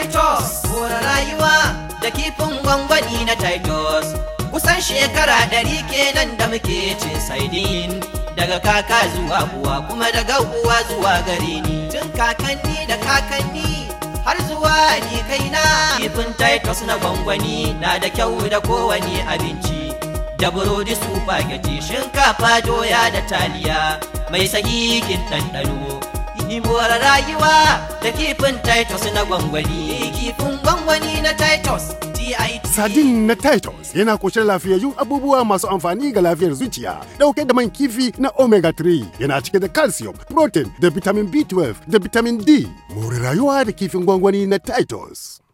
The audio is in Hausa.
Titus Kura rayuwa da kifin gwangwani na Titus Kusan shekara ɗari kenan da muke cin saidin Daga kaka zuwa uwa kuma daga uwa zuwa gare ni Tun kakanni da kakanni har zuwa ni kaina Kifin Titus na gwangwani na da kyau da kowane abinci Da burodi fagaji shinkafa doya da taliya Mai sahihin ɗanɗano Ibuwar rayuwa da kifin Titus na gwangwani. Kifin gwangwani na Titus Sadin na Titus yana ƙunshe lafiyayyun abubuwa masu amfani ga lafiyar zuciya, ɗauke da man kifi na omega 3 yana cike da calcium, protein da vitamin B12 da vitamin D. More rayuwa da kifin gwangwani na Titus.